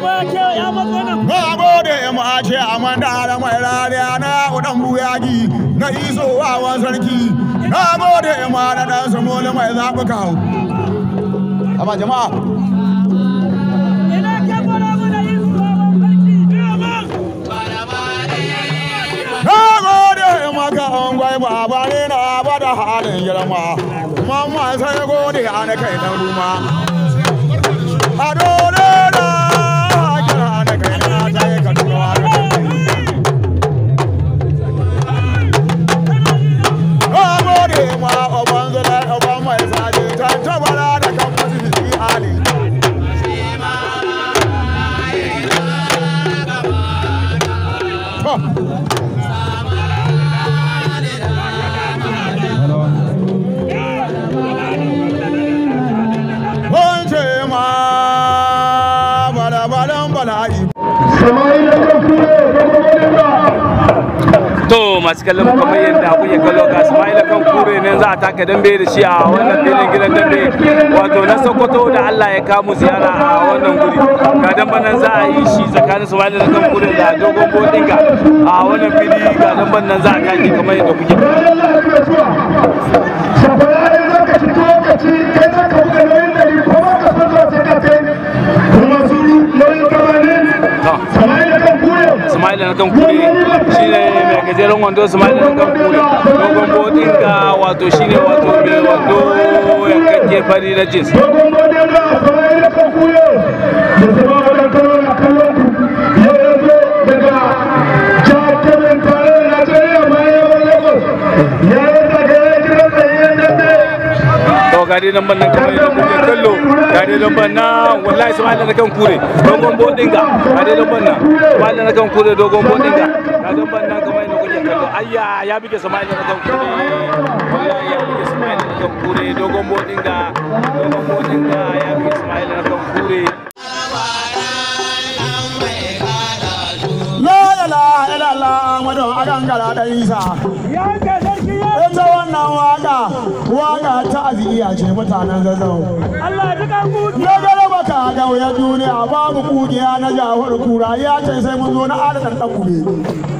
Na gode mu a ce a manda da mai rariya na udan buyagi na iso wawan sarki. Na gode ma da dan samoli mai zaɓi ka Amma jama'a. Na gode ma maka ongwai baba ne na bada halin girma. Mamma sai gode an kai dan ruma. Ado masu kallon mu kamar yadda ya kallo ga Ismaila kan kure ne za a taka dambe da shi a wannan filin gidan dambe wato na Sokoto da Allah ya kamu ziyara a wannan guri ga damba nan za a yi shi tsakanin Ismaila da kan kure da dogon bodinga a wannan fili ga damba nan za a kaki kamar yadda kuke Ismaila na kan kure zai rungon to su ma ne ga kuri gogon bodin ga wato shi ne wato bi wato ya kake fari na jins gogon bodin ga kuma ya kan kuyo da su ma wata kuro a kallon ku ya yi zo daga jihar kebin tare da najeriya bayan ya bayan lagos ya yi zage ya yi kira da yin dande to gari nan ban nan kamar yadda kuke kallo gari nan ban nan wallahi su ma da kan kure dogon bodin ga gari nan ban nan ma da kan kure dogon bodin ga gari nan ban ayya ya buge Sama'ila da kankure wallahi ya buge Sama'ila da kankure dogon bodinga dogon bodinga ya buge Sama'ila da kankure Ya ga sarki ya Ita wannan waka waka ta aziya ce mutanen zazzau. Allah ji kan kuki. Na gare baka ga wayar duniya babu kugiya na jawar kura ya ce sai mun zo na adadin ɗan kube.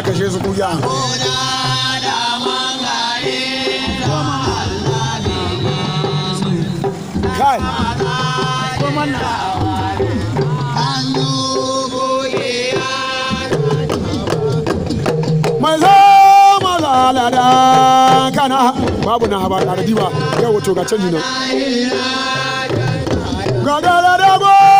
a kashe su kuya kana babu na haba da diba yau wato ga canji nan ga da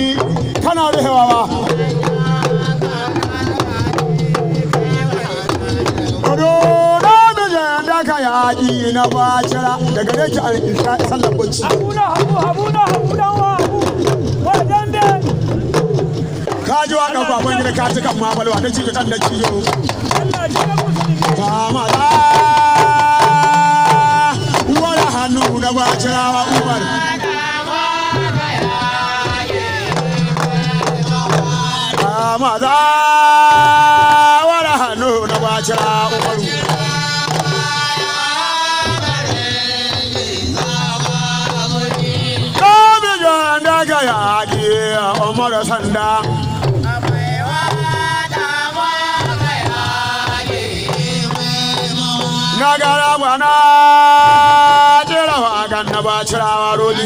ana rufewa ba da janda ka yaƙi na bacira daga da ki alƙisa bacci. Abuna wa wa Ka ji wa kan baban gida ka ci kan da ci kan da ciyo. Allah ji na da wala hannu na bacira wa Umar. maza wani hannu na bacira umaru Ɗabi jan daga yaƙi Umaru sanda Nagara gwana jirawa gan na bacirawa roli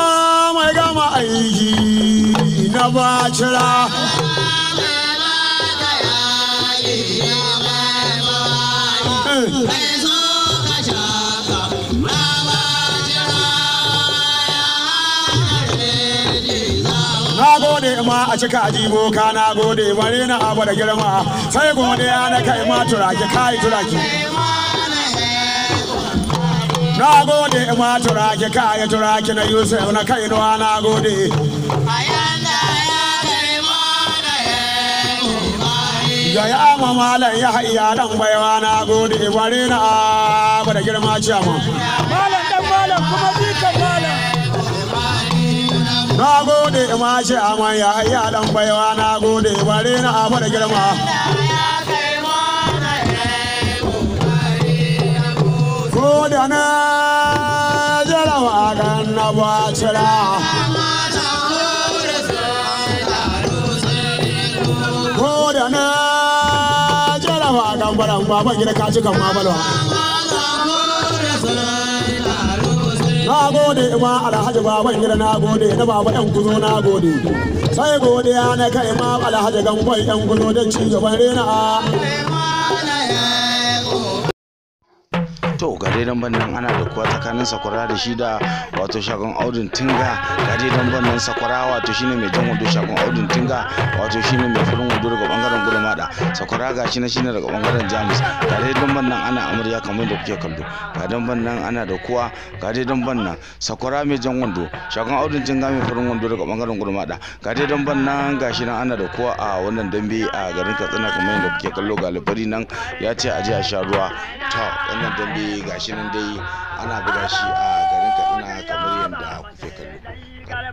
bacira ma a cika ajibo ka na gode mare na abu da girma sai godiya na kai ma turaki kai turaki na gode ma turaki kaya turaki na yusuf na kainuwa na gode Gaya ma malam ya haɗiya dan baiwa na gode bare na abu da girma ciyama. Malam dan malam kuma bi bikan malam. Na gode ma ciyama ya haɗiya dan baiwa na gode bare na abu da girma. Ko da na jarawa kan na bacira. an ma ban gida ka cikan ma balwa na gode ma alhaji baban gida na gode na baba yan kuzo na gode sai godiya na kai ma alhaji gamban yan kuzo don ci gaban rena wato ga damban nan ana da kuwa tsakanin sakwara da shi da wato shagon audin tinga ga damban nan sakwara wato shine mai jan wando shagon audin tinga wato shine mai furin wando daga bangaren gudu mada sakwara ga shi na shine daga bangaren jamus ga damban nan ana amarya kamar da kuke kallo ga damban nan ana da kuwa ga damban nan sakwara mai jan wando shagon audin tinga mai furin wando daga bangaren gudu mada ga damban nan ga shi nan ana da kuwa a wannan dambe a garin katsina kamar da kuke kallo ga alfari nan ya ce a je a sha ruwa ta wannan dambe dai gashi nan dai ana buga shi a garin kaduna kamar yadda kuke kallo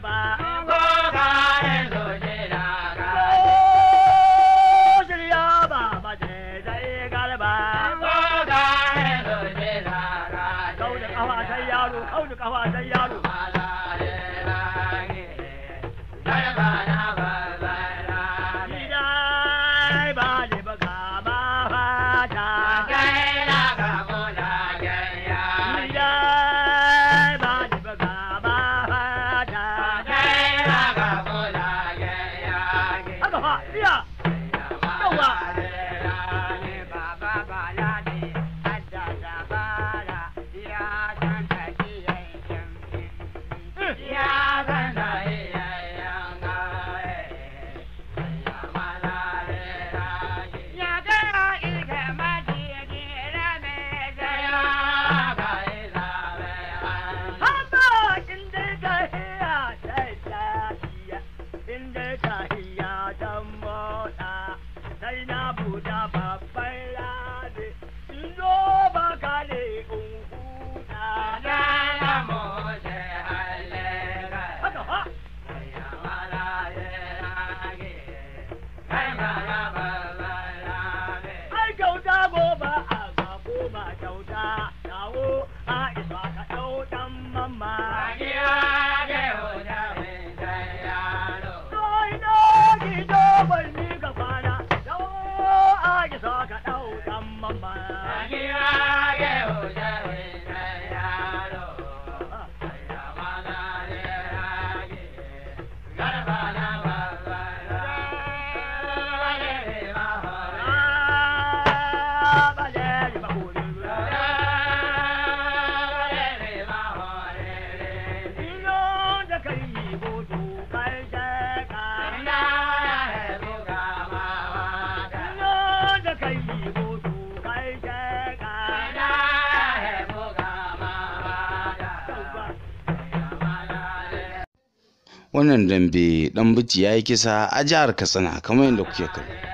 wannan dambe ɗan bici ya yi kisa a jihar katsina kamar yadda kuke kallo